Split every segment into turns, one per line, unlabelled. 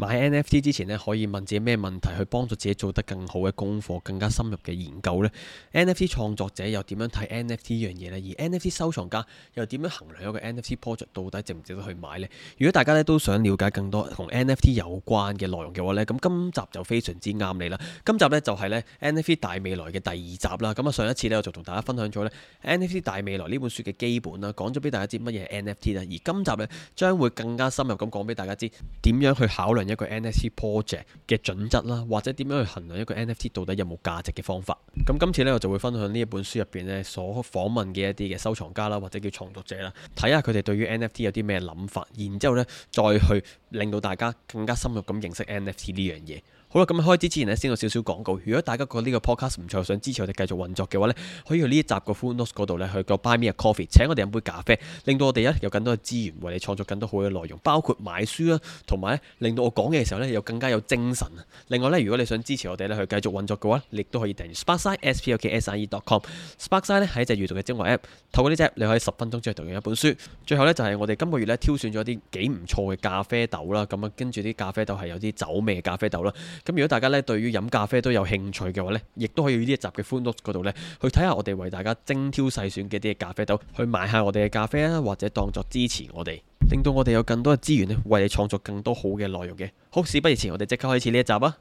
買 NFT 之前咧，可以問自己咩問題，去幫助自己做得更好嘅功課，更加深入嘅研究咧。NFT 創作者又點樣睇 NFT 呢樣嘢咧？而 NFT 收藏家又點樣衡量一個 NFT project 到底值唔值得去買咧？如果大家咧都想了解更多同 NFT 有關嘅內容嘅話咧，咁今集就非常之啱你啦。今集咧就係咧 NFT 大未來嘅第二集啦。咁啊，上一次咧我就同大家分享咗咧 NFT 大未來呢本書嘅基本啦，講咗俾大家知乜嘢係 NFT 啦。而今集咧將會更加深入咁講俾大家知點樣去考量。一個 NFT project 嘅準則啦，或者點樣去衡量一個 NFT 到底有冇價值嘅方法？咁今次呢，我就會分享呢一本書入邊呢所訪問嘅一啲嘅收藏家啦，或者叫創作者啦，睇下佢哋對於 NFT 有啲咩諗法，然之後呢再去令到大家更加深入咁認識 NFT 呢樣嘢。好啦，咁啊，開始之前呢，先有少少廣告。如果大家覺得呢個 podcast 唔錯，想支持我哋繼續運作嘅話呢，可以去呢一集個 full notes 嗰度呢，去個 buy me a coffee，請我哋飲杯咖啡，令到我哋呢有更多嘅資源為你創作更多好嘅內容，包括買書啦，同埋呢令到我講嘢嘅時候呢，又更加有精神。另外呢，如果你想支持我哋呢去繼續運作嘅話，你亦都可以訂閱 sparkside s p o k s i e dot com。sparkside 呢係一隻閱讀嘅精華 App，透過呢隻你可以十分鐘之內讀完一本書。最後呢，就係我哋今個月呢，挑選咗啲幾唔錯嘅咖啡豆啦，咁啊跟住啲咖啡豆係有啲酒味嘅咖啡豆啦。咁如果大家咧對於飲咖啡都有興趣嘅話咧，亦都可以呢一集嘅 Fun Look 嗰度咧，去睇下我哋為大家精挑細選嘅啲咖啡豆，去買下我哋嘅咖啡啊，或者當作支持我哋，令到我哋有更多嘅資源咧，為你創作更多好嘅內容嘅。好，事不宜遲，我哋即刻開始呢一集啊！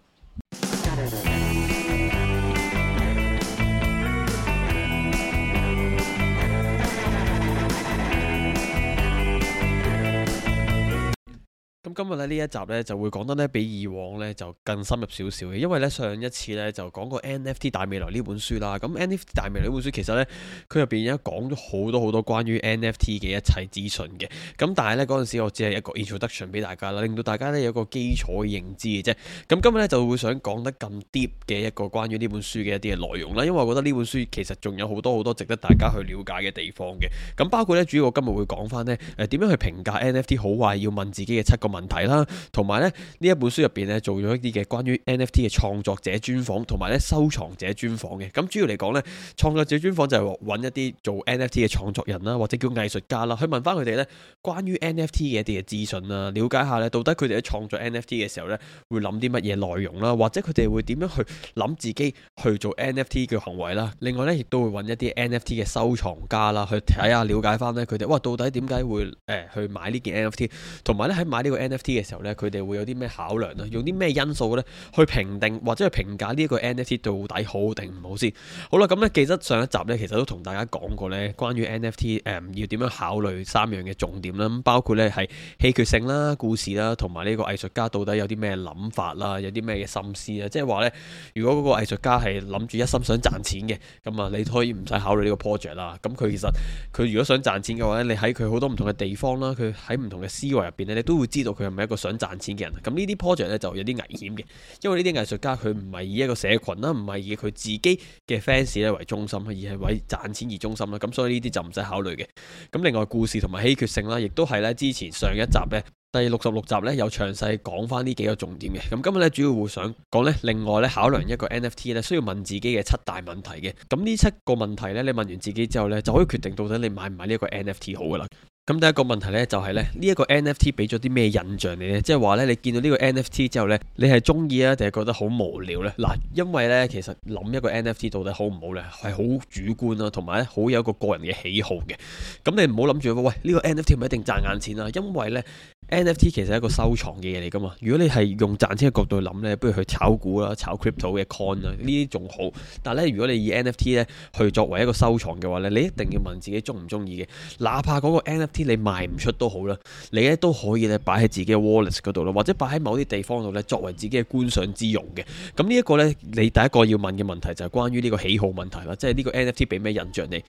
今日呢一集呢，就會講得呢比以往呢就更深入少少嘅，因為呢上一次呢就講過 NFT 大未來呢本書啦，咁 NFT 大未來呢本書其實呢，佢入邊有講咗好多好多關於 NFT 嘅一切資訊嘅，咁但係呢嗰陣時我只係一個 introduction 俾大家啦，令到大家呢有個基礎嘅認知嘅啫。咁今日呢就會想講得咁 deep 嘅一個關於呢本書嘅一啲嘅內容啦，因為我覺得呢本書其實仲有好多好多值得大家去了解嘅地方嘅，咁包括呢，主要我今日會講返呢誒點樣去評價 NFT 好壞，要問自己嘅七個問。題啦，同埋咧呢一本書入邊咧做咗一啲嘅關於 NFT 嘅創作者專訪，同埋咧收藏者專訪嘅。咁主要嚟講咧，創作者專訪就係揾一啲做 NFT 嘅創作人啦，或者叫藝術家啦，去問翻佢哋咧關於 NFT 嘅一啲嘅資訊啊，了解下咧到底佢哋喺創作 NFT 嘅時候咧會諗啲乜嘢內容啦，或者佢哋會點樣去諗自己去做 NFT 嘅行為啦。另外咧亦都會揾一啲 NFT 嘅收藏家啦，去睇下了解翻咧佢哋，哇到底點解會誒去買呢件 NFT，同埋咧喺買呢個 N。NFT 嘅時候咧，佢哋會有啲咩考量咧？用啲咩因素咧去評定或者去評價呢一個 NFT 到底好定唔好先？好啦，咁咧記得上一集咧，其實都同大家講過咧，關於 NFT 誒、呃，要點樣考慮三樣嘅重點啦。咁包括咧係稀缺性啦、故事啦，同埋呢個藝術家到底有啲咩諗法啦，有啲咩心思咧？即係話咧，如果嗰個藝術家係諗住一心想賺錢嘅，咁啊，你可以唔使考慮呢個 project 啦。咁佢其實佢如果想賺錢嘅話咧，你喺佢好多唔同嘅地方啦，佢喺唔同嘅思維入邊咧，你都會知道。佢唔係一個想賺錢嘅人，咁呢啲 project 咧就有啲危險嘅，因為呢啲藝術家佢唔係以一個社群啦，唔係以佢自己嘅 fans 咧為中心，而係為賺錢而中心啦，咁所以呢啲就唔使考慮嘅。咁另外故事同埋稀缺性啦，亦都係咧之前上一集咧第六十六集咧有詳細講翻呢幾個重點嘅。咁今日咧主要會想講咧，另外咧考量一個 NFT 咧需要問自己嘅七大問題嘅。咁呢七個問題咧，你問完自己之後咧，就可以決定到底你買唔買呢個 NFT 好噶啦。咁第一個問題咧，就係咧，呢一個 NFT 俾咗啲咩印象你咧？即係話咧，你見到呢個 NFT 之後咧，你係中意啊，定係覺得好無聊咧？嗱，因為咧，其實諗一個 NFT 到底好唔好咧，係好主觀啊，同埋好有一個個人嘅喜好嘅。咁你唔好諗住喂，呢個 NFT 唔一定賺眼錢啦？因為咧，NFT 其實係一個收藏嘅嘢嚟噶嘛。如果你係用賺錢嘅角度去諗咧，不如去炒股啦、炒 crypto 嘅 coin 啦，呢啲仲好。但係咧，如果你以 NFT 咧去作為一個收藏嘅話咧，你一定要問自己中唔中意嘅，哪怕嗰個 NFT。你賣唔出都好啦，你咧都可以咧擺喺自己嘅 wallet 嗰度咯，或者擺喺某啲地方度咧，作為自己嘅觀賞之用嘅。咁呢一個咧，你第一個要問嘅問題就係關於呢個喜好問題啦，即係呢個 NFT 俾咩印象你？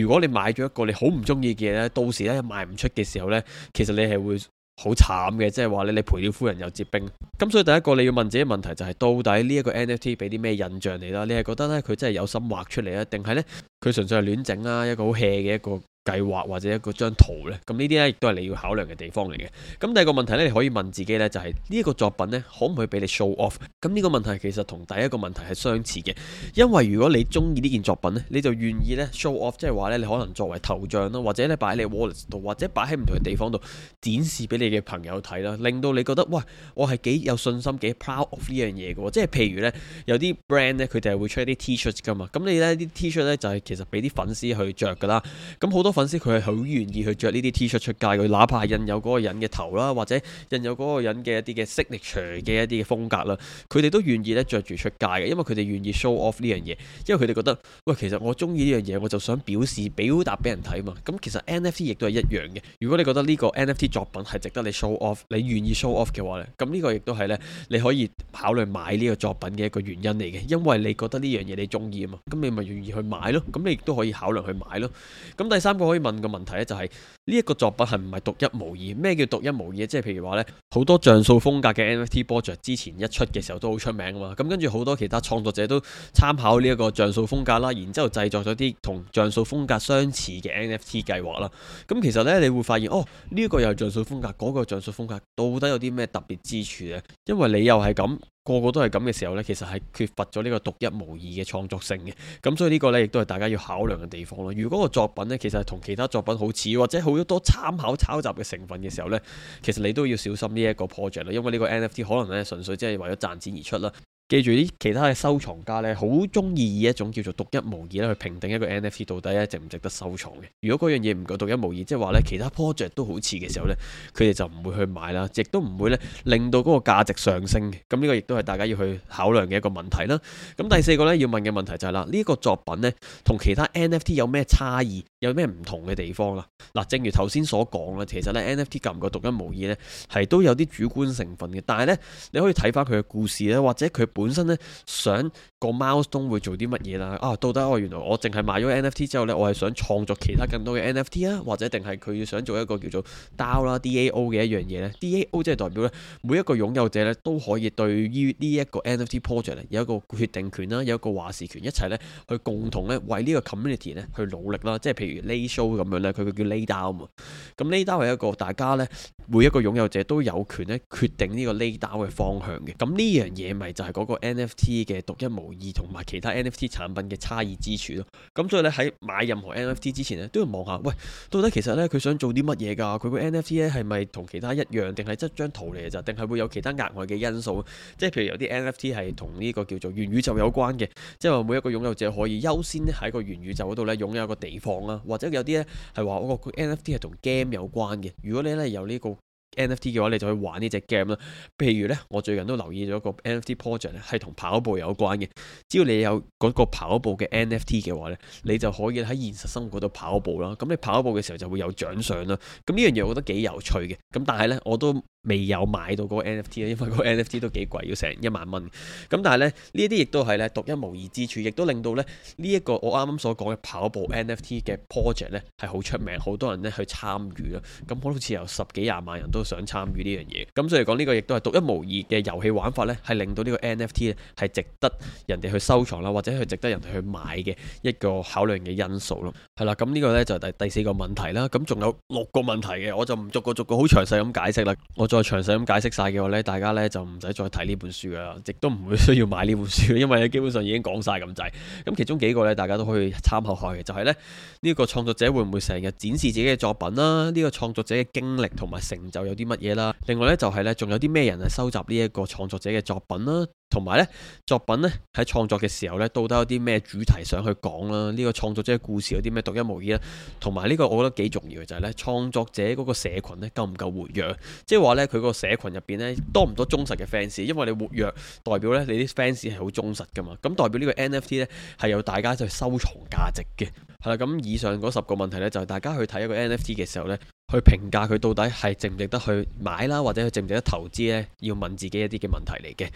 如果你買咗一個你好唔中意嘅嘢咧，到時咧賣唔出嘅時候咧，其實你係會好慘嘅，即係話咧，你賠了夫人又折兵。咁所以第一個你要問自己嘅問題就係到底呢一個 NFT 俾啲咩印象你啦？你係覺得咧佢真係有心畫出嚟啊，定係咧佢純粹係亂整啊一個好 hea 嘅一個計劃或者一個張圖咧，咁呢啲咧亦都係你要考量嘅地方嚟嘅。咁第二個問題咧，你可以問自己咧，就係呢一個作品咧，可唔可以俾你 show off？咁呢個問題其實同第一個問題係相似嘅，因為如果你中意呢件作品咧，你就願意咧 show off，即係話咧，你可能作為頭像啦，或者咧擺喺你 wallet 度，或者擺喺唔同嘅地方度展示俾你嘅朋友睇啦，令到你覺得喂，我係幾有信心、幾 proud of 呢樣嘢嘅喎。即係譬如咧，有啲 brand 咧，佢哋係會出一啲 T-shirt 噶嘛，咁你咧啲 T-shirt 咧就係、是、其實俾啲粉絲去着噶啦，咁好多。粉絲佢係好願意去着呢啲 T 恤出街，佢哪怕係印有嗰個人嘅頭啦，或者印有嗰個人嘅一啲嘅 signature 嘅一啲嘅風格啦，佢哋都願意咧着住出街嘅，因為佢哋願意 show off 呢樣嘢，因為佢哋覺得喂，其實我中意呢樣嘢，我就想表示表達俾人睇嘛，咁其實 NFT 亦都係一樣嘅。如果你覺得呢個 NFT 作品係值得你 show off，你願意 show off 嘅話咧，咁呢個亦都係咧，你可以考慮買呢個作品嘅一個原因嚟嘅，因為你覺得呢樣嘢你中意啊嘛，咁你咪願意去買咯，咁你亦都可以考慮去買咯。咁第三個。可以問嘅問題咧、就係，就係呢一個作品係唔係獨一無二？咩叫獨一無二？即係譬如話呢，好多像素風格嘅 NFT project 之前一出嘅時候都好出名啊嘛。咁跟住好多其他創作者都參考呢一個像素風格啦，然之後製作咗啲同像素風格相似嘅 NFT 計劃啦。咁其實呢，你會發現哦，呢、個又像素風格，嗰、個像素風格到底有啲咩特別之處啊？因為你又係咁。個個都係咁嘅時候呢，其實係缺乏咗呢個獨一無二嘅創作性嘅。咁所以呢個呢，亦都係大家要考量嘅地方咯。如果個作品呢，其實係同其他作品好似，或者好多參考抄襲嘅成分嘅時候呢，其實你都要小心呢一個 project 啦。因為呢個 NFT 可能呢，純粹即係為咗賺錢而出啦。記住啲其他嘅收藏家呢，好中意以一種叫做獨一無二咧去評定一個 NFT 到底值唔值得收藏嘅。如果嗰樣嘢唔夠獨一無二，即係話呢其他 project 都好似嘅時候呢，佢哋就唔會去買啦，亦都唔會呢令到嗰個價值上升嘅。咁呢個亦都係大家要去考量嘅一個問題啦。咁第四個呢，要問嘅問題就係啦，呢個作品呢，同其他 NFT 有咩差異，有咩唔同嘅地方啦？嗱，正如頭先所講啦，其實呢 NFT 夠唔夠獨一無二呢，係都有啲主觀成分嘅。但係呢，你可以睇翻佢嘅故事呢，或者佢。本身咧想個貓冬會做啲乜嘢啦？啊，到底哦，原來我淨係買咗 NFT 之後咧，我係想創作其他更多嘅 NFT 啊，或者定係佢想做一個叫做 DAO 啦 DAO 嘅一樣嘢咧。DAO 即係代表咧每一個擁有者咧都可以對於呢一個 NFT project 咧有一個決定權啦，有一個話事權，一齊咧去共同咧為個呢個 community 咧去努力啦。即係譬如 Lay Show 咁樣咧，佢叫 Lay DAO 啊嘛。咁呢 e a 係一個大家咧，每一個擁有者都有權咧決定呢個 l e 嘅方向嘅。咁呢樣嘢咪就係嗰個 NFT 嘅獨一無二，同埋其他 NFT 產品嘅差異之處咯。咁所以咧喺買任何 NFT 之前咧，都要望下，喂，到底其實咧佢想做啲乜嘢噶？佢個 NFT 咧係咪同其他一樣，定係即係張圖嚟嘅咋？定係會有其他額外嘅因素？即係譬如有啲 NFT 係同呢個叫做元宇宙有關嘅，即係話每一個擁有者可以優先喺個元宇宙嗰度咧擁有一個地方啦，或者有啲咧係話嗰個 NFT 係同有關嘅，如果你咧有呢個 NFT 嘅話，你就可以玩呢隻 game 啦。譬如呢，我最近都留意咗個 NFT project 咧，係同跑步有關嘅。只要你有嗰個跑步嘅 NFT 嘅話咧，你就可以喺現實生活度跑步啦。咁你跑步嘅時候就會有獎賞啦。咁呢樣嘢我覺得幾有趣嘅。咁但係呢，我都，未有買到嗰個 NFT 咧，因為個 NFT 都幾貴，要成一萬蚊。咁但係咧，呢啲亦都係咧獨一無二之處，亦都令到咧呢一個我啱啱所講嘅跑步 NFT 嘅 project 咧係好出名，好多人咧去參與咯。咁好似有十幾廿萬人都想參與呢樣嘢。咁所以講呢個亦都係獨一無二嘅遊戲玩法咧，係令到呢個 NFT 係值得人哋去收藏啦，或者係值得人哋去買嘅一個考量嘅因素咯。係啦，咁呢個咧就第第四個問題啦。咁仲有六個問題嘅，我就唔逐個逐個好詳細咁解釋啦。再詳細咁解釋晒嘅話咧，大家呢就唔使再睇呢本書噶啦，亦都唔會需要買呢本書，因為基本上已經講晒咁滯。咁其中幾個呢，大家都可以參考下嘅，就係咧呢個創作者會唔會成日展示自己嘅作品啦？呢個創作者嘅經歷同埋成就有啲乜嘢啦？另外呢，就係呢仲有啲咩人係收集呢一個創作者嘅作品啦？同埋咧，作品咧喺創作嘅時候咧，到底有啲咩主題想去講啦？呢個創作者故事有啲咩獨一無二咧？同埋呢個，我覺得幾重要嘅就係咧，創作者嗰個社群咧夠唔夠活躍？即係話咧，佢個社群入邊咧多唔多忠實嘅 fans？因為你活躍，代表咧你啲 fans 係好忠實噶嘛。咁代表呢個 NFT 咧係有大家嘅收藏價值嘅。係啦，咁以上嗰十個問題咧，就係大家去睇一個 NFT 嘅時候咧，去評價佢到底係值唔值得去買啦，或者佢值唔值得投資咧，要問自己一啲嘅問題嚟嘅。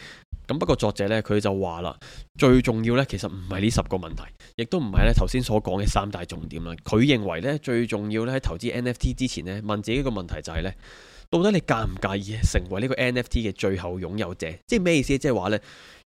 咁不過作者呢，佢就話啦，最重要呢，其實唔係呢十個問題，亦都唔係呢頭先所講嘅三大重點啦。佢認為呢，最重要呢，喺投資 NFT 之前呢，問自己一個問題就係呢，到底你介唔介意成為呢個 NFT 嘅最後擁有者？即係咩意思？即係話呢，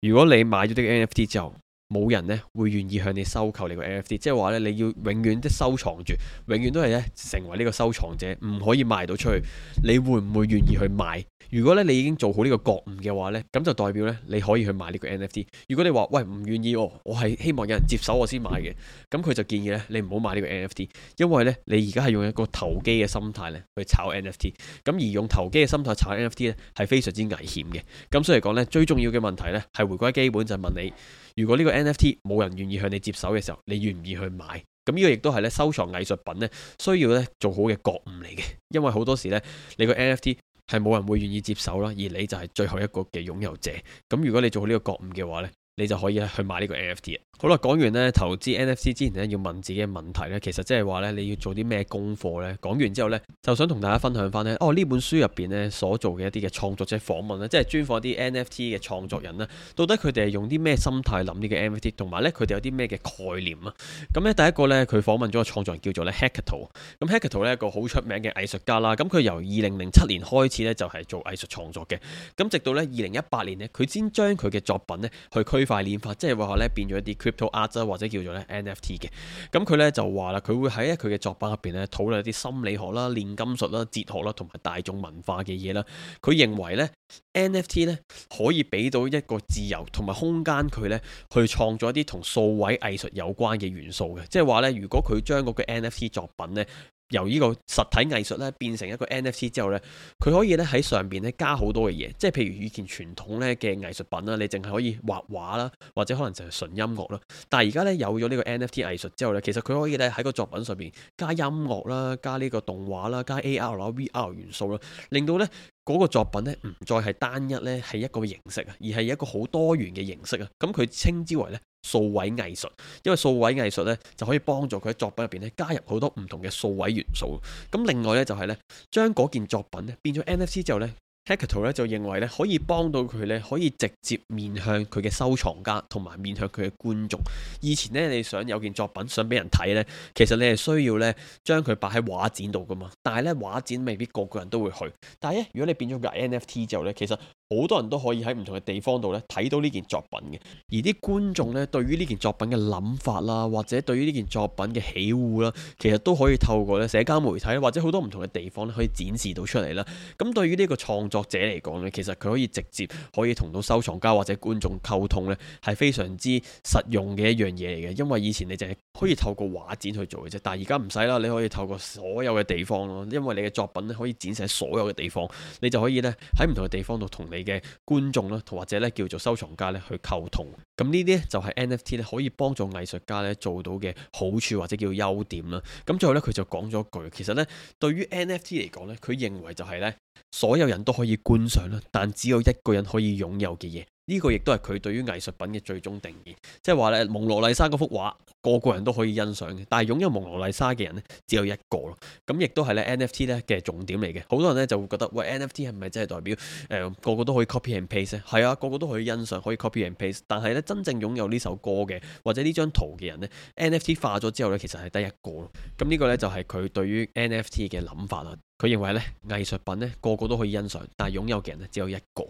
如果你買咗呢個 NFT 之後。冇人咧會願意向你收購你個 NFT，即係話咧你要永遠都收藏住，永遠都係咧成為呢個收藏者，唔可以賣到出去。你會唔會願意去買？如果咧你已經做好呢個覺悟嘅話咧，咁就代表咧你可以去買呢個 NFT。如果你話喂唔願意，哦、我係希望有人接手我先買嘅，咁佢就建議咧你唔好買呢個 NFT，因為咧你而家係用一個投機嘅心態咧去炒 NFT，咁而用投機嘅心態炒 NFT 咧係非常之危險嘅。咁所以講咧最重要嘅問題咧係回歸基本，就係問你。如果呢個 NFT 冇人願意向你接手嘅時候，你願意去買？咁呢個亦都係咧收藏藝術品咧需要咧做好嘅覺悟嚟嘅，因為好多時咧你個 NFT 係冇人會願意接手啦，而你就係最後一個嘅擁有者。咁如果你做好呢個覺悟嘅話咧，你就可以去買個呢個 NFT 好啦，講完咧投資 NFT 之前咧要問自己嘅問題咧，其實即係話咧你要做啲咩功課咧。講完之後咧，就想同大家分享翻咧，哦呢本書入邊咧所做嘅一啲嘅創作者訪問咧，即係專訪啲 NFT 嘅創作人啦。到底佢哋係用啲咩心態諗呢個 NFT，同埋咧佢哋有啲咩嘅概念啊？咁咧第一個咧佢訪問咗個創作人叫做咧 Hackato 咁 Hackato 咧一個好出名嘅藝術家啦。咁佢由二零零七年開始咧就係做藝術創作嘅。咁直到2018呢二零一八年咧，佢先將佢嘅作品咧去區區塊鏈即係為何咧變咗一啲 crypto art 啦，或者叫做咧 NFT 嘅。咁佢咧就話啦，佢會喺佢嘅作品入邊咧討論一啲心理學啦、煉金術啦、哲學啦同埋大眾文化嘅嘢啦。佢認為咧 NFT 咧可以俾到一個自由同埋空間，佢咧去創作一啲同數位藝術有關嘅元素嘅。即係話咧，如果佢將嗰個 NFT 作品咧。由呢個實體藝術咧變成一個 NFT 之後咧，佢可以咧喺上邊咧加好多嘅嘢，即係譬如以前傳統咧嘅藝術品啦，你淨係可以畫畫啦，或者可能就係純音樂啦。但係而家咧有咗呢個 NFT 藝術之後咧，其實佢可以咧喺個作品上邊加音樂啦、加呢個動畫啦、加 AR 啦、VR 元素啦，令到咧嗰個作品咧唔再係單一咧係一個形式啊，而係一個好多元嘅形式啊。咁佢稱之為咧。數位藝術，因為數位藝術咧就可以幫助佢喺作品入邊咧加入好多唔同嘅數位元素。咁另外咧就係咧將嗰件作品咧變咗 NFT 之後咧，Hector 咧就認為咧可以幫到佢咧可以直接面向佢嘅收藏家同埋面向佢嘅觀眾。以前咧你想有件作品想俾人睇咧，其實你係需要咧將佢擺喺畫展度㗎嘛。但係咧畫展未必個個人都會去。但係咧如果你變咗個 NFT 之後咧，其實好多人都可以喺唔同嘅地方度咧睇到呢件作品嘅，而啲觀眾咧對於呢件作品嘅諗法啦，或者對於呢件作品嘅喜惡啦，其實都可以透過咧社交媒體或者好多唔同嘅地方咧可以展示到出嚟啦。咁對於呢個創作者嚟講咧，其實佢可以直接可以同到收藏家或者觀眾溝通咧，係非常之實用嘅一樣嘢嚟嘅。因為以前你淨係可以透過畫展去做嘅啫，但係而家唔使啦，你可以透過所有嘅地方咯，因為你嘅作品咧可以展示喺所有嘅地方，你就可以咧喺唔同嘅地方度同你。嘅觀眾啦，同或者咧叫做收藏家咧去溝通，咁呢啲咧就係 NFT 咧可以幫助藝術家咧做到嘅好處或者叫做優點啦。咁最後咧佢就講咗一句，其實咧對於 NFT 嚟講咧，佢認為就係咧所有人都可以觀賞啦，但只有一個人可以擁有嘅嘢。呢個亦都係佢對於藝術品嘅最終定義，即係話咧蒙羅麗莎嗰幅畫個個人都可以欣賞嘅，但係擁有蒙羅麗莎嘅人呢，只有一個咯。咁亦都係咧 NFT 咧嘅重點嚟嘅，好多人呢就會覺得喂 NFT 係咪真係代表誒、呃、個個都可以 copy and paste？係啊，個個都可以欣賞，可以 copy and paste，但係咧真正擁有呢首歌嘅或者呢張圖嘅人呢 NFT 化咗之後呢，其實係得一個咯。咁呢個呢，就係、是、佢對於 NFT 嘅諗法啦。佢認為咧，藝術品咧個個都可以欣賞，但係擁有嘅人咧只有一個。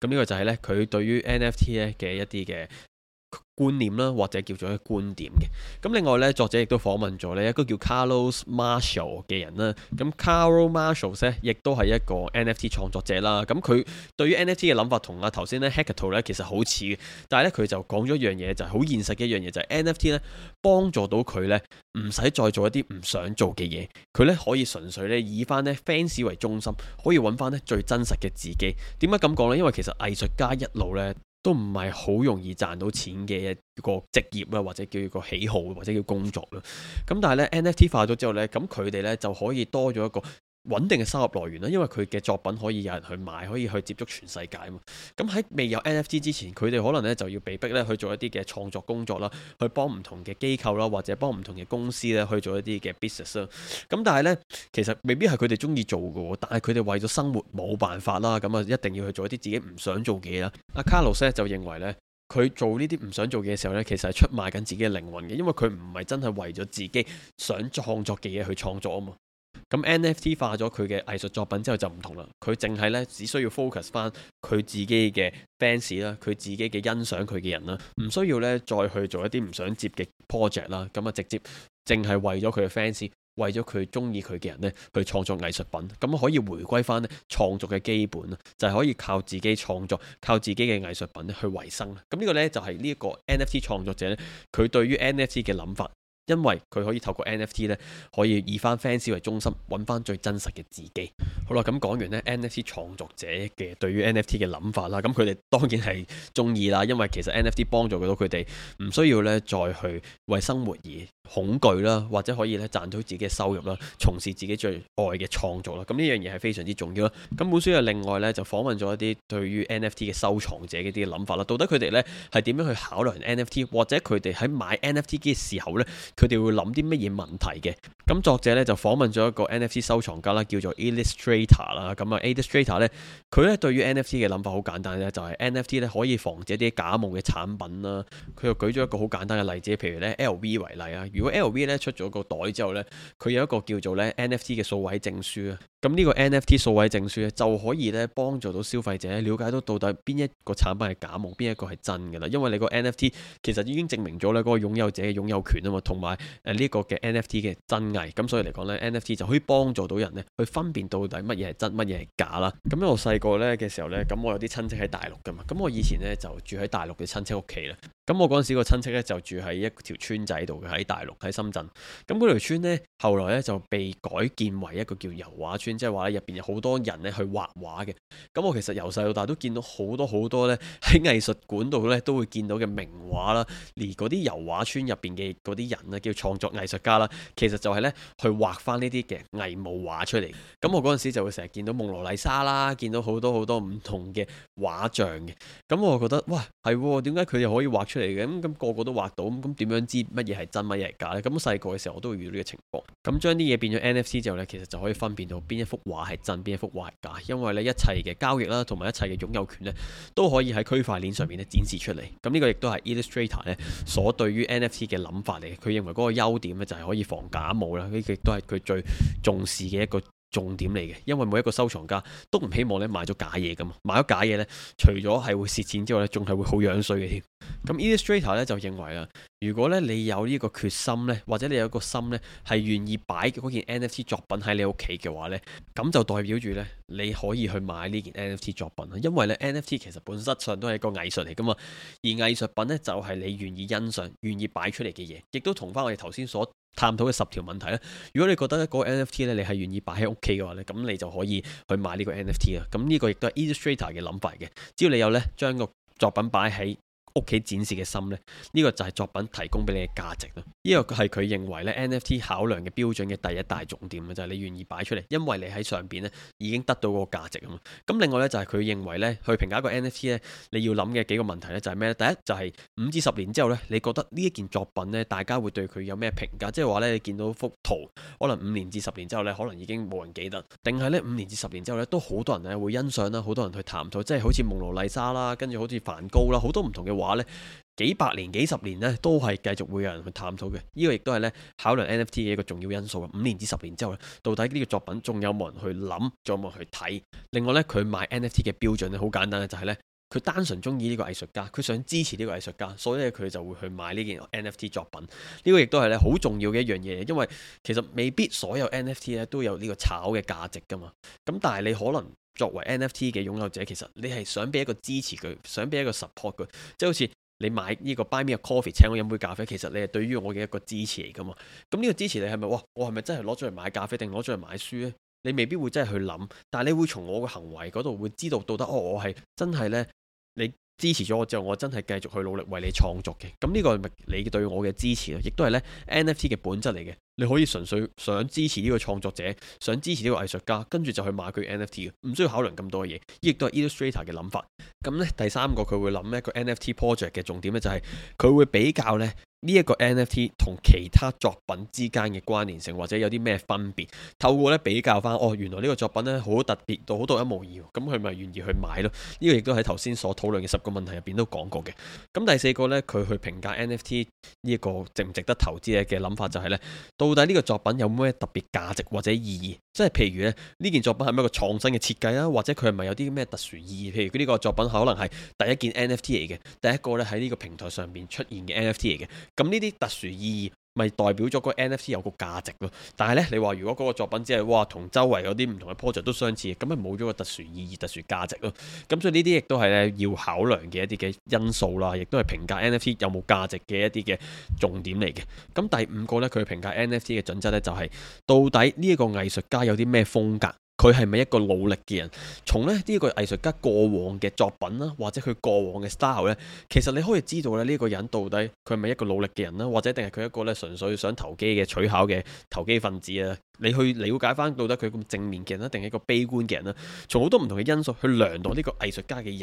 咁呢個就係咧佢對於 NFT 咧嘅一啲嘅觀念啦，或者叫做一個觀點嘅。咁另外咧，作者亦都訪問咗咧一個叫 Carlos Marshall 嘅人啦。咁 Carlos Marshall 咧，亦都係一個 NFT 創作者啦。咁佢對於 NFT 嘅諗法同啊頭先咧 Hecato 咧其實好似嘅，但係咧佢就講咗一樣嘢，就係好現實嘅一樣嘢，就係 NFT 咧幫助到佢咧唔使再做一啲唔想做嘅嘢，佢咧可以純粹咧以翻呢 fans 為中心，可以揾翻咧最真實嘅自己。點解咁講呢？因為其實藝術家一路咧，都唔係好容易賺到錢嘅一個職業啦，或者叫一個喜好，或者叫工作啦。咁但係咧 NFT 化咗之後咧，咁佢哋咧就可以多咗一個。穩定嘅收入來源啦，因為佢嘅作品可以有人去買，可以去接觸全世界嘛。咁喺未有 NFT 之前，佢哋可能咧就要被逼咧去做一啲嘅創作工作啦，去幫唔同嘅機構啦，或者幫唔同嘅公司咧去做一啲嘅 business。咁但係呢，其實未必係佢哋中意做嘅，但係佢哋為咗生活冇辦法啦。咁啊，一定要去做一啲自己唔想做嘅嘢啦。阿 Carlos 就認為呢，佢做呢啲唔想做嘅時候咧，其實係出賣緊自己嘅靈魂嘅，因為佢唔係真係為咗自己想創作嘅嘢去創作啊嘛。咁 NFT 化咗佢嘅藝術作品之後就唔同啦，佢淨係咧只需要 focus 翻佢自己嘅 fans 啦，佢自己嘅欣賞佢嘅人啦，唔需要咧再去做一啲唔想接嘅 project 啦，咁啊直接淨係為咗佢嘅 fans，為咗佢中意佢嘅人咧去創作藝術品，咁可以回歸翻咧創作嘅基本，就係可以靠自己創作，靠自己嘅藝術品去維生啦。咁呢個咧就係呢一個 NFT 創作者咧，佢對於 NFT 嘅諗法。因為佢可以透過 NFT 咧，可以以翻 fans 為中心，揾翻最真實嘅自己。好啦，咁講完咧，NFT 創作者嘅對於 NFT 嘅諗法啦，咁佢哋當然係中意啦，因為其實 NFT 幫助到佢哋，唔需要咧再去為生活而。恐懼啦，或者可以咧賺到自己嘅收入啦，從事自己最愛嘅創造啦。咁呢樣嘢係非常之重要啦。咁本書又另外咧就訪問咗一啲對於 NFT 嘅收藏者嘅啲嘅諗法啦。到底佢哋咧係點樣去考量 NFT，或者佢哋喺買 NFT 嘅時候咧，佢哋會諗啲乜嘢問題嘅？咁作者咧就訪問咗一個 NFT 收藏家啦，叫做 Illustrator 啦。咁啊，Illustrator 咧，佢咧對於 NFT 嘅諗法好簡單咧，就係 NFT 咧可以防止一啲假冒嘅產品啦。佢又舉咗一個好簡單嘅例子，譬如咧 LV 為例啊。如果 L.V 咧出咗個袋之後呢，佢有一個叫做咧 N.F.T 嘅數位證書啊，咁呢個 N.F.T 數位證書咧就可以咧幫助到消費者瞭解到到底邊一個產品係假冒，邊一個係真㗎啦。因為你個 N.F.T 其實已經證明咗咧嗰個擁有者嘅擁有權啊嘛，同埋誒呢個嘅 N.F.T 嘅真偽。咁所以嚟講咧，N.F.T 就可以幫助到人咧去分辨到底乜嘢係真，乜嘢係假啦。咁因為我細個呢嘅時候呢，咁我有啲親戚喺大陸㗎嘛，咁我以前呢就住喺大陸嘅親戚屋企啦。咁我嗰陣時個親戚呢就住喺一條村仔度嘅喺大陸喺深圳咁嗰條村呢，後來咧就被改建為一個叫油畫村，即係話咧入邊有好多人咧去畫畫嘅。咁我其實由細到大都見到好多好多咧喺藝術館度咧都會見到嘅名畫啦，而嗰啲油畫村入邊嘅嗰啲人咧叫創作藝術家啦，其實就係呢去畫翻呢啲嘅藝模畫出嚟。咁我嗰陣時就會成日見到夢羅麗莎啦，見到好多好多唔同嘅畫像嘅。咁我就覺得哇，係點解佢哋可以畫出嚟嘅？咁、那、咁個個都畫到咁，咁點樣知乜嘢係真乜嘢？咁細個嘅時候，我都會遇到呢個情況。咁將啲嘢變咗 NFC 之後呢，其實就可以分辨到邊一幅畫係真，邊一幅畫係假。因為咧一切嘅交易啦，同埋一切嘅擁有權呢，都可以喺區塊鏈上面咧展示出嚟。咁呢個亦都係 Illustrator 咧所對於 NFC 嘅諗法嚟嘅。佢認為嗰個優點呢，就係可以防假冒啦。呢個亦都係佢最重視嘅一個重點嚟嘅。因為每一個收藏家都唔希望咧買咗假嘢噶嘛。買咗假嘢呢，除咗係會蝕錢之外，呢仲係會好樣衰嘅添。咁 Illustrator 咧就認為啦，如果咧你有呢個決心咧，或者你有個心咧，係願意擺嗰件 NFT 作品喺你屋企嘅話咧，咁就代表住咧你可以去買呢件 NFT 作品啦。因為咧 NFT 其實本質上都係一個藝術嚟噶嘛，而藝術品咧就係你願意欣賞、願意擺出嚟嘅嘢，亦都同翻我哋頭先所探討嘅十條問題咧。如果你覺得嗰個 NFT 咧你係願意擺喺屋企嘅話咧，咁你就可以去買呢個 NFT 啦。咁呢個亦都係 Illustrator 嘅諗法嘅，只要你有咧將個作品擺喺屋企展示嘅心呢，呢、這個就係作品提供俾你嘅價值啦。呢、這個係佢認為咧 NFT 考量嘅標準嘅第一大重點嘅就係、是、你願意擺出嚟，因為你喺上邊咧已經得到個價值啊嘛。咁、嗯、另外呢，就係、是、佢認為咧去評價一個 NFT 咧，你要諗嘅幾個問題呢，就係、是、咩？第一就係、是、五至十年之後呢，你覺得呢一件作品呢，大家會對佢有咩評價？即係話呢，你見到幅圖，可能五年至十年之後呢，可能已經冇人記得，定係呢，五年至十年之後呢，都好多人咧會欣賞啦，好多人去探討，即係好似蒙羅麗莎啦，跟住好似梵，梵高啦，好多唔同嘅畫。話幾百年、幾十年咧，都係繼續會有人去探討嘅。呢個亦都係咧，考量 NFT 嘅一個重要因素。五年至十年之後咧，到底呢個作品仲有冇人去諗，仲有冇人去睇？另外咧，佢買 NFT 嘅標準咧，好簡單咧，就係咧，佢單純中意呢個藝術家，佢想支持呢個藝術家，所以咧佢就會去買呢件 NFT 作品。呢個亦都係咧，好重要嘅一樣嘢，因為其實未必所有 NFT 咧都有呢個炒嘅價值噶嘛。咁但係你可能。作為 NFT 嘅擁有者，其實你係想俾一個支持佢，想俾一個 support 佢，即係好似你買呢個 buy me a coffee 請我飲杯咖啡，其實你係對於我嘅一個支持嚟噶嘛。咁呢個支持你係咪哇？我係咪真係攞咗嚟買咖啡定攞咗嚟買書呢？你未必會真係去諗，但係你會從我嘅行為嗰度會知道到「得哦，我係真係呢。」你支持咗我之後，我真係繼續去努力為你創作嘅。咁呢個係咪你對我嘅支持啊？亦都係咧 NFT 嘅本質嚟嘅。你可以純粹想支持呢個創作者，想支持呢個藝術家，跟住就去買佢 NFT，唔需要考慮咁多嘢，呢亦都係 illustrator 嘅諗法。咁咧第三個佢會諗一個 NFT project 嘅重點咧、就係，就係佢會比較咧呢一個 NFT 同其他作品之間嘅關聯性，或者有啲咩分別。透過咧比較翻，哦，原來呢個作品咧好特別到好獨一無二，咁佢咪願意去買咯。呢個亦都喺頭先所討論嘅十個問題入邊都講過嘅。咁第四個咧，佢去評價 NFT 呢一個值唔值得投資嘅諗法就係、係、咧到底呢個作品有咩特別價值或者意義？即係譬如咧，呢件作品係咪一個創新嘅設計啊？或者佢係咪有啲咩特殊意義？譬如佢呢個作品可能係第一件 NFT 嚟嘅，第一個咧喺呢個平台上面出現嘅 NFT 嚟嘅。咁呢啲特殊意義，咪代表咗個 NFT 有個價值咯，但係呢，你話如果嗰個作品只係哇周圍同周圍嗰啲唔同嘅 project 都相似，咁咪冇咗個特殊意義、特殊價值咯。咁所以呢啲亦都係咧要考量嘅一啲嘅因素啦，亦都係評價 NFT 有冇價值嘅一啲嘅重點嚟嘅。咁第五個呢，佢評價 NFT 嘅準則呢，就係、是、到底呢一個藝術家有啲咩風格？佢係咪一個努力嘅人？從咧呢個藝術家過往嘅作品啦，或者佢過往嘅 style 咧，其實你可以知道咧呢個人到底佢係咪一個努力嘅人啦，或者定係佢一個咧純粹想投機嘅取巧嘅投機分子啊？你去了解翻到底佢咁正面嘅人，定係一個悲觀嘅人啦？從好多唔同嘅因素去量度呢個藝術家嘅人，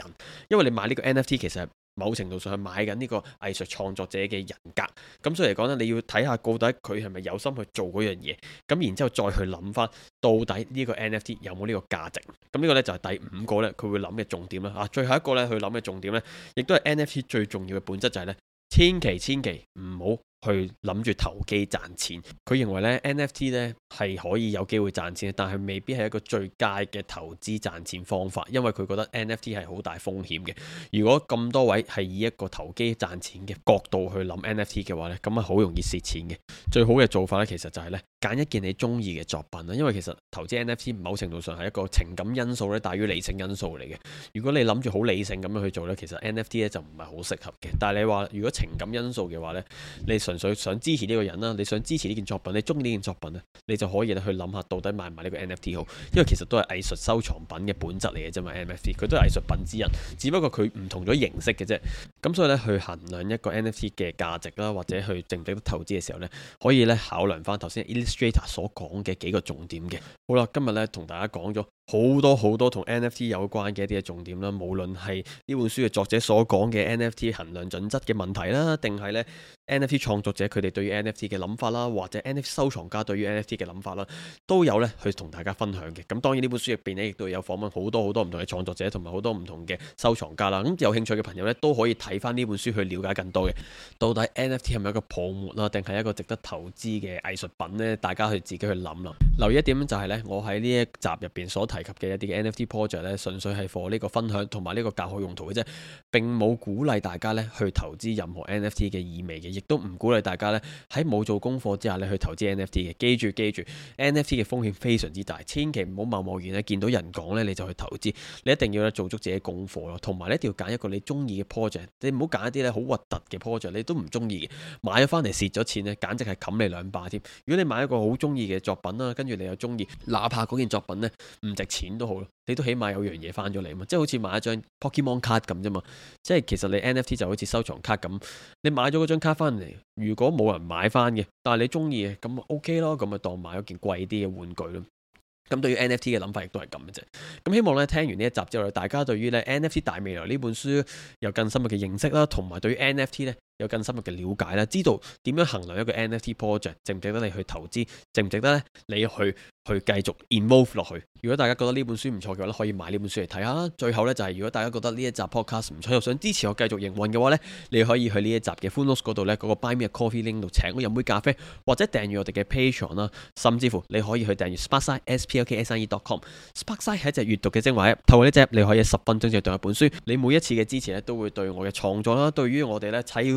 因為你買呢個 NFT 其實。某程度上去買緊呢個藝術創作者嘅人格，咁所以嚟講呢，你要睇下到底佢係咪有心去做嗰樣嘢，咁然之後再去諗翻到底呢個 NFT 有冇呢個價值，咁呢個呢，就係第五個呢，佢會諗嘅重點啦。啊，最後一個呢，佢諗嘅重點呢，亦都係 NFT 最重要嘅本質就係呢：千祈千祈唔好。去諗住投機賺錢，佢認為咧 NFT 咧係可以有機會賺錢，但係未必係一個最佳嘅投資賺錢方法，因為佢覺得 NFT 係好大風險嘅。如果咁多位係以一個投機賺錢嘅角度去諗 NFT 嘅話咧，咁啊好容易蝕錢嘅。最好嘅做法咧，其實就係咧揀一件你中意嘅作品啦，因為其實投資 NFT 某程度上係一個情感因素咧大於理性因素嚟嘅。如果你諗住好理性咁樣去做咧，其實 NFT 咧就唔係好適合嘅。但係你話如果情感因素嘅話咧，你。純粹想支持呢個人啦，你想支持呢件作品，你鍾意呢件作品咧，你就可以咧去諗下到底買唔買呢個 NFT 好，因為其實都係藝術收藏品嘅本質嚟嘅啫嘛，NFT 佢都係藝術品之一，只不過佢唔同咗形式嘅啫。咁所以咧，去衡量一個 NFT 嘅價值啦，或者去值唔值得投資嘅時候咧，可以咧考量翻頭先 Illustrator 所講嘅幾個重點嘅。好啦，今日咧同大家講咗好多好多同 NFT 有關嘅一啲嘅重點啦，無論係呢本書嘅作者所講嘅 NFT 衡量準則嘅問題啦，定係呢 NFT 創作者佢哋對於 NFT 嘅諗法啦，或者 NFT 收藏家對於 NFT 嘅諗法啦，都有呢去同大家分享嘅。咁當然呢本書入邊呢，亦都有訪問好多好多唔同嘅創作者同埋好多唔同嘅收藏家啦。咁有興趣嘅朋友呢，都可以睇翻呢本書去了解更多嘅。到底 NFT 係咪一個泡沫啦，定係一個值得投資嘅藝術品呢？大家去自己去諗諗。留意一點就係咧，我喺呢一集入邊所提及嘅一啲 NFT project 咧，純粹係為呢個分享同埋呢個教學用途嘅啫，並冇鼓勵大家咧去投資任何 NFT 嘅意味嘅，亦都唔鼓勵大家咧喺冇做功課之下咧去投資 NFT 嘅。記住記住，NFT 嘅風險非常之大，千祈唔好貿貿然咧見到人講咧你就去投資，你一定要咧做足自己功課咯，同埋一定要揀一個你中意嘅 project，你唔好揀一啲咧好核突嘅 project，你都唔中意嘅，買咗翻嚟蝕咗錢呢，簡直係冚你兩把添。如果你買一個好中意嘅作品啦，跟住你又中意，哪怕嗰件作品咧唔值錢都好咯，你都起碼有樣嘢翻咗嚟嘛！即係好似買一張 Pokemon card 咁啫嘛，即係其實你 NFT 就好似收藏卡咁，你買咗嗰張卡翻嚟，如果冇人買翻嘅，但係你中意嘅，咁 OK 咯，咁咪當買咗件貴啲嘅玩具咯。咁對於 NFT 嘅諗法亦都係咁嘅啫。咁希望咧聽完呢一集之後，大家對於咧 NFT 大未來呢本書有更深嘅認識啦，同埋對於 NFT 咧。有更深入嘅了解啦，知道點樣衡量一個 NFT project 值唔值得你去投資，值唔值得咧你去去繼續 involve 落去。如果大家覺得呢本書唔錯嘅話咧，可以買呢本書嚟睇下。最後咧、就係，就係如果大家覺得呢一集 podcast 唔錯，又想支持我繼續營運嘅話咧，你可以去呢一集嘅 bonus 度咧嗰個 buy me a coffee link 度請我飲杯咖啡，或者訂閲我哋嘅 Patreon 啦，甚至乎你可以去訂閲 sparkside s p k s i dot、OK、com。s p a r k s i d 係一隻閱讀嘅精華，透過呢隻你可以十分鐘就讀一本書。你每一次嘅支持咧，都會對我嘅創作啦，對於我哋咧睇。